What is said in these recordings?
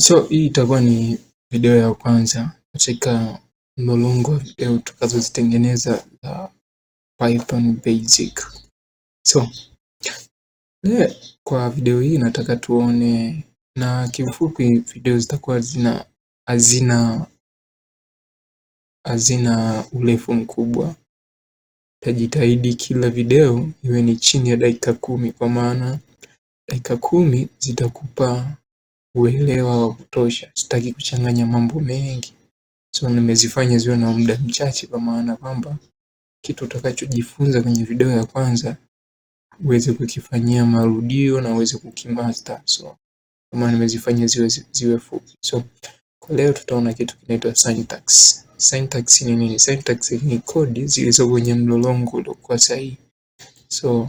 So hii itakuwa ni video ya kwanza katika mlolongo wa video tukazozitengeneza za Python basic. So le, eh, kwa video hii nataka tuone, na kiufupi video zitakuwa zina hazina hazina urefu mkubwa. Tajitahidi kila video iwe ni chini ya dakika kumi, kwa maana dakika kumi zitakupa uelewa wa kutosha. Sitaki kuchanganya mambo mengi, so nimezifanya ziwe na muda mchache, kwa maana kwamba kitu utakachojifunza kwenye video ya kwanza uweze kukifanyia marudio na uweze kukimaster. So kama nimezifanya ziwe, ziwe fupi. So kwa leo tutaona kitu kinaitwa syntax. Syntax ni nini? Syntax ni kodi zilizo kwenye mlolongo uliokuwa sahihi. So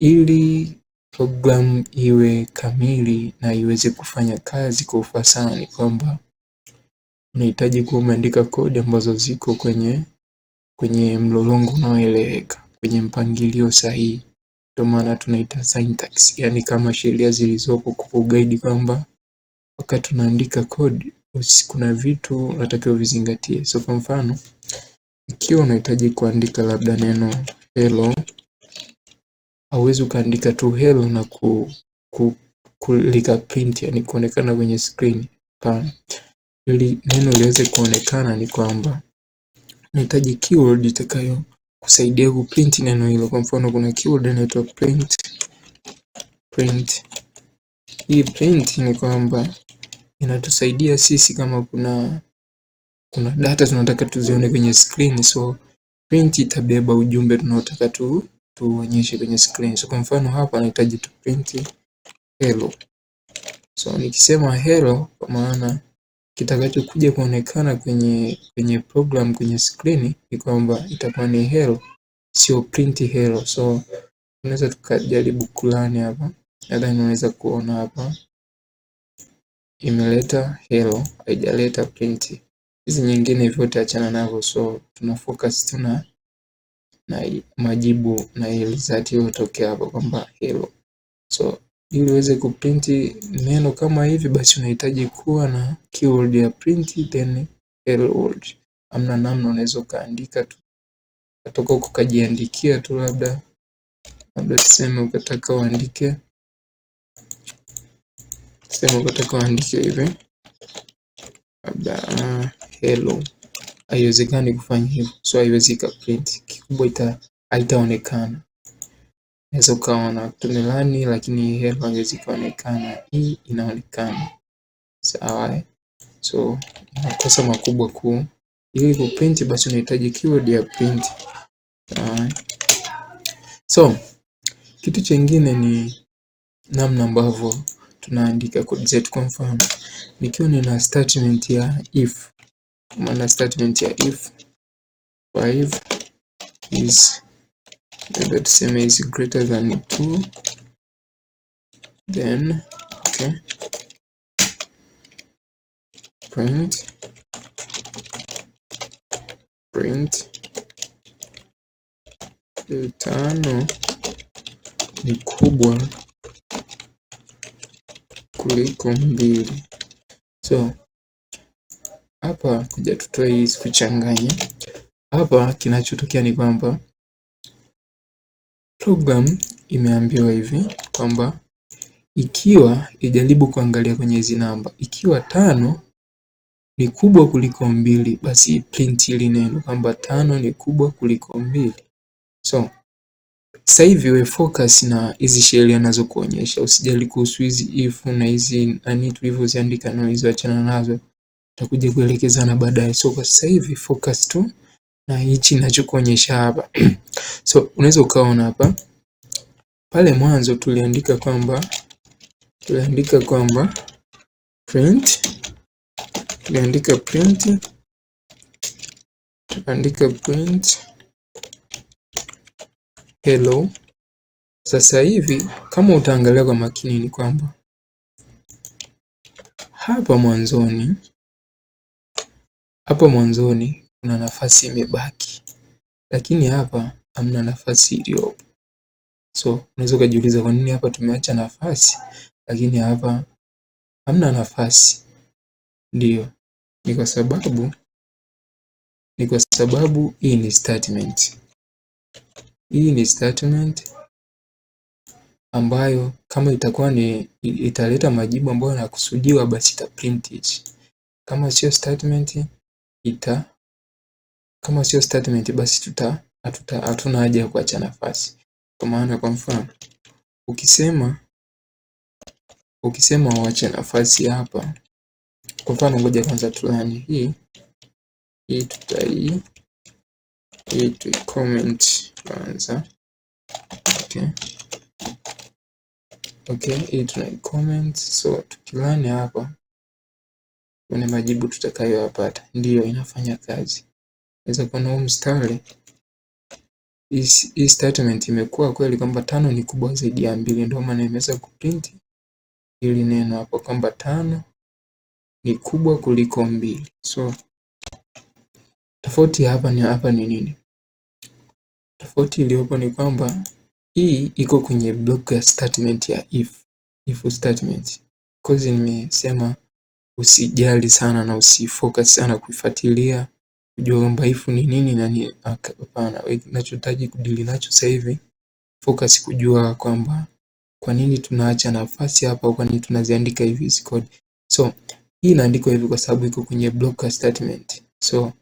ili programu iwe kamili na iweze kufanya kazi kwa ufasaha ni kwamba unahitaji kuwa umeandika kodi ambazo ziko kwenye kwenye mlolongo unaoeleweka, kwenye mpangilio sahihi. Ndio maana tunaita syntax, yani kama sheria zilizopo kukuguide kwamba wakati unaandika kodi kuna vitu unatakiwa vizingatie So kwa mfano, ikiwa unahitaji kuandika labda neno hello hauwezi ukaandika tu hello na ku, ku, lika print yani kuonekana kwenye screen pana. Ili neno liweze kuonekana ni kwamba unahitaji keyword itakayo kusaidia print neno hilo. Kwa mfano kuna keyword inaitwa print print. Hii print ni kwamba inatusaidia sisi kama kuna kuna data tunataka tuzione kwenye screen, so print itabeba ujumbe tunaotaka tu tuonyeshe kwenye screen. So kwa mfano hapa nahitaji tu print hello. So nikisema hello, kwa maana kitakachokuja kuonekana kwenye kwenye program kwenye screen ni kwamba itakuwa ni hello, sio print hello. So tunaweza tukajaribu kulani hapa, nadhani unaweza kuona hapa imeleta hello, haijaleta print. Hizi nyingine vyote achana navyo, so tuna focus tuna majibu na result iliyotokea hapo kwamba hilo. So ili uweze kuprinti neno kama hivi, basi unahitaji kuwa na keyword ya print then hello world. Amna namna, unaweza ukaandika tu atoka huko ukajiandikia tu, labda labda tuseme ukataka uandike tuseme ukataka uandike hivi labda ah, hello, haiwezekani kufanya hivyo, so haiwezi ikaprint kubwa ita haitaonekana. Unaweza ukawa na tumelani lakini hela haiwezi kuonekana. Hii inaonekana. Sawa. Eh? So makosa makubwa kuu ili kuprint basi unahitaji keyword ya print. Sawa. Eh? So kitu chengine ni namna ambavyo tunaandika code zetu. Kwa mfano, nikiwa nina statement ya if, maana statement ya if kwa hivyo is labda tuseme is greater than two then okay, print print tano ni kubwa kuliko mbili. So hapa kuja tutoe hizi kuchanganya hapa kinachotokea ni kwamba program imeambiwa hivi kwamba ikiwa ijaribu kuangalia kwenye hizi namba, ikiwa tano ni kubwa kuliko mbili, basi print hili neno kwamba tano ni kubwa kuliko mbili. So sasa hivi we focus na hizi shell anazokuonyesha usijali kuhusu hizi if na hizi nani tulivyoziandika, na hizo achana nazo, tutakuja kuelekezana baadaye. So kwa sasa hivi focus tu na hichi ninachokuonyesha hapa. So unaweza ukaona hapa pale mwanzo tuliandika kwamba tuliandika kwamba print tuliandika print tuliandika print hello. Sasa hivi kama utaangalia kwa makini ni kwamba hapa mwanzoni hapa mwanzoni na nafasi imebaki, lakini hapa hamna nafasi iliyopo. So unaweza ukajiuliza kwa nini hapa tumeacha nafasi, lakini hapa hamna nafasi. Ndiyo, ni kwa sababu ni kwa sababu hii ni statement, hii ni statement ambayo kama itakuwa ni italeta majibu ambayo yanakusudiwa, basi ita print it. Kama sio statement ita kama sio statement basi tuta hatuna haja ya kuacha nafasi. Kwa maana kwa mfano ukisema ukisema uache nafasi hapa, kwa mfano ngoja kwanza tulani hii hii tutai hii tu comment kwanza okay. Okay, hii tuna comment so tukilani hapa kuna majibu tutakayoyapata, ndiyo inafanya kazi. Unaweza kuona huu mstari, hii statement imekuwa kweli kwamba tano ni kubwa zaidi ya mbili, ndio maana imeweza kuprinti hili neno hapo kwamba tano ni kubwa kuliko mbili. So tofauti hapa ni hapa ni nini? Tofauti iliyopo ni kwamba hii iko kwenye block ya statement ya if, if statement. Cause nimesema usijali sana na usifocus sana kuifuatilia kujua kwamba ni nini na hapana. Ninachotaji kudili nacho sasa hivi focus kujua kwamba kwa nini tunaacha nafasi hapa kwa nini tunaziandika hivi hizi code. So hii inaandikwa hivi kwa sababu iko kwenye block statement. So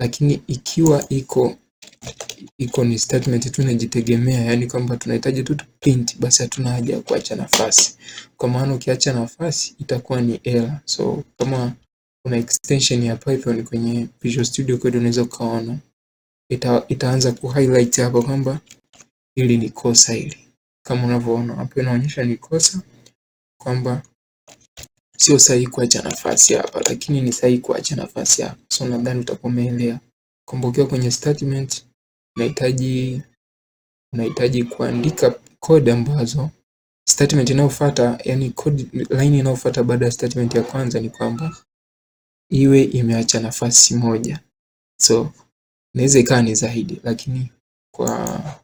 lakini ikiwa iko iko ni statement tu inajitegemea, yani kwamba tunahitaji tu print, basi hatuna haja ya kuacha nafasi, kwa maana ukiacha nafasi itakuwa ni error. So kama una extension ya Python kwenye Visual Studio Code, unaweza ukaona ita, itaanza ku highlight hapo kwamba hili ni kosa hili, kama unavyoona hapo inaonyesha ni kosa kwamba sio sahihi kuacha nafasi hapa, lakini ni sahihi kuacha nafasi hapa. So nadhani utakuwa umeelewa ukiwa kwenye statement unahitaji unahitaji kuandika code ambazo statement inayofuata, yani code line inayofuata baada ya statement ya kwanza ni kwamba iwe imeacha nafasi moja, so inaweza ikawa ni zaidi, lakini kwa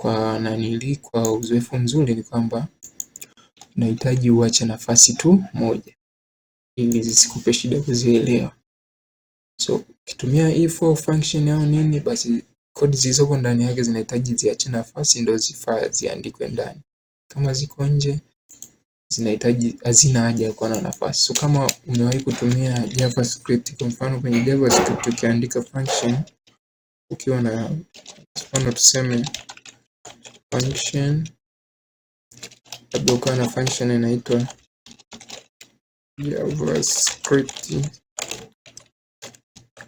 kwa nanili, kwa uzoefu mzuri ni kwamba unahitaji uache nafasi tu moja ili zisikupe shida kuzielewa. So ukitumia if e function au nini, basi kodi zilizoko ndani yake zinahitaji ziache nafasi ndio zifaa ziandikwe ndani, kama ziko nje zinahitaji hazina haja ya kuwa na nafasi. So kama umewahi kutumia JavaScript, kwa mfano kwenye JavaScript ukiandika function ukiwa na mfano tuseme function labda ukawa na function inaitwa JavaScript.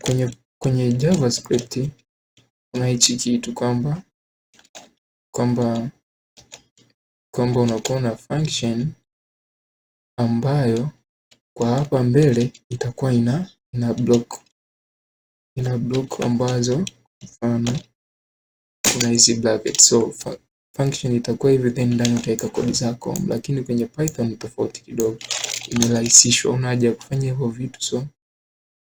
Kwenye, kwenye JavaScript kuna hichi kitu kwamba kwamba kwamba unakuwa na function ambayo kwa hapa mbele itakuwa ina block ina block ambazo mfano kuna hizi bracket so function itakuwa hivi then ndani utaweka code zako, lakini kwenye Python tofauti kidogo, imerahisishwa una haja ya kufanya hivyo vitu, so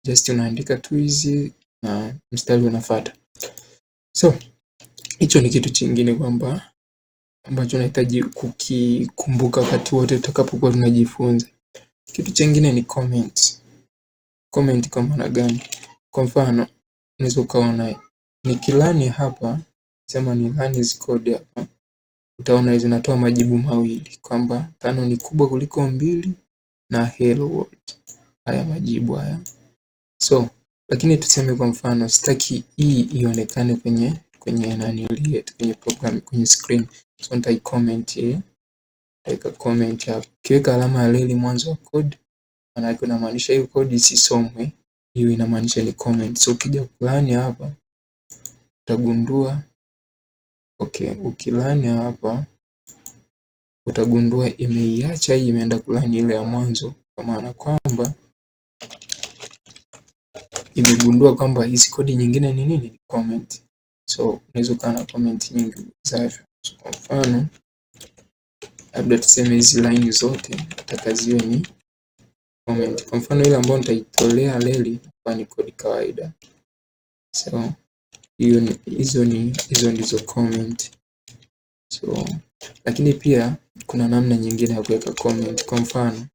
just unaandika tu hizi na mstari unafuata. So hicho ni kitu chingine kwamba ambacho unahitaji kukikumbuka wakati wote tutakapokuwa tunajifunza. Kitu chengine ni comment. Comment kwa maana gani? Kwa mfano, unaweza ukaona nikilani hapa, sema ni run hizi code hapa, utaona zinatoa majibu mawili kwamba tano ni kubwa kuliko mbili na hello world. Haya majibu haya. So, lakini tuseme kwa mfano sitaki hii e ionekane kwenye kwenye nani yetu kwenye program kwenye screen so nitai comment hii, eh? nitaweka comment hapa. Ukiweka alama ya reli mwanzo wa code, maana yake unamaanisha hiyo code isisomwe, hiyo inamaanisha ni comment. So ukija kulani hapa utagundua okay, ukilani hapa utagundua imeiacha hii, imeenda kulani ile ya mwanzo, kwa maana kwamba imegundua kwamba hizi kodi nyingine ni nini comment. So unaweza ukawa na comment nyingi zavyo kwa mfano labda tuseme hizi line zote nataka ziwe ni comment. Kwa mfano ile ambayo nitaitolea reli ni kodi kawaida, so hizo ni hizo ndizo comment. So lakini pia kuna namna nyingine ya kuweka comment. Kwa mfano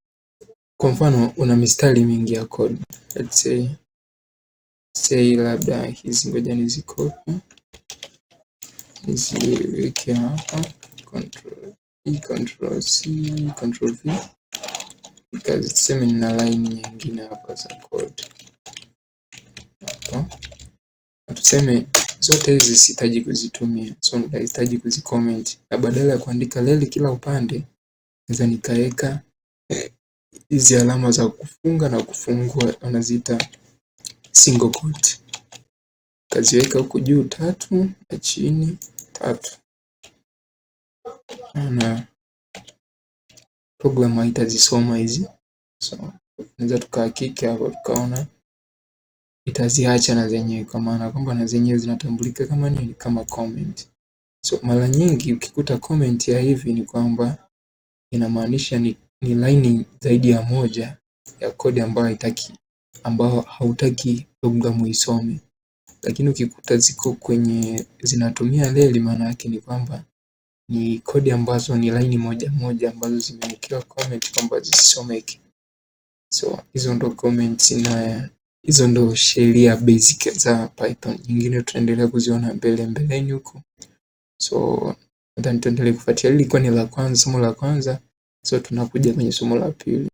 kwa mfano una mistari mingi ya kodi, let's say say labda hizi, ngoja nizi copy niziweke hapa control E, control C, control V, nikaziseme nina line nyingine hapa za code hapa, tuseme zote hizi sihitaji kuzitumia, so nitahitaji kuzicomment, na badala ya kuandika leli kila upande, naweza nikaweka eh, hizi alama za kufunga na kufungua, wanaziita single quote, kaziweka huku juu tatu na chini na programu haitazisoma hizi so naweza tukahakiki hapo tukaona itaziacha na zenyewe, kwa maana kwamba na zenyewe zinatambulika kama nini? Kama comment. So mara nyingi ukikuta comment ya hivi ni kwamba inamaanisha ni, ni laini zaidi ya moja ya kodi ambayo haitaki ambayo hautaki programu isome lakini ukikuta ziko kwenye zinatumia reli, maana yake ni kwamba ni kodi ambazo ni laini moja moja ambazo zimewekewa comment kwamba zisisomeke. So hizo ndo comments na hizo ndo sheria basic za Python. Nyingine tutaendelea kuziona mbele mbeleni huko, so nadhani tuendelee kufuatilia. Hili ilikuwa ni la kwanza, somo la kwanza, so tunakuja kwenye somo la pili.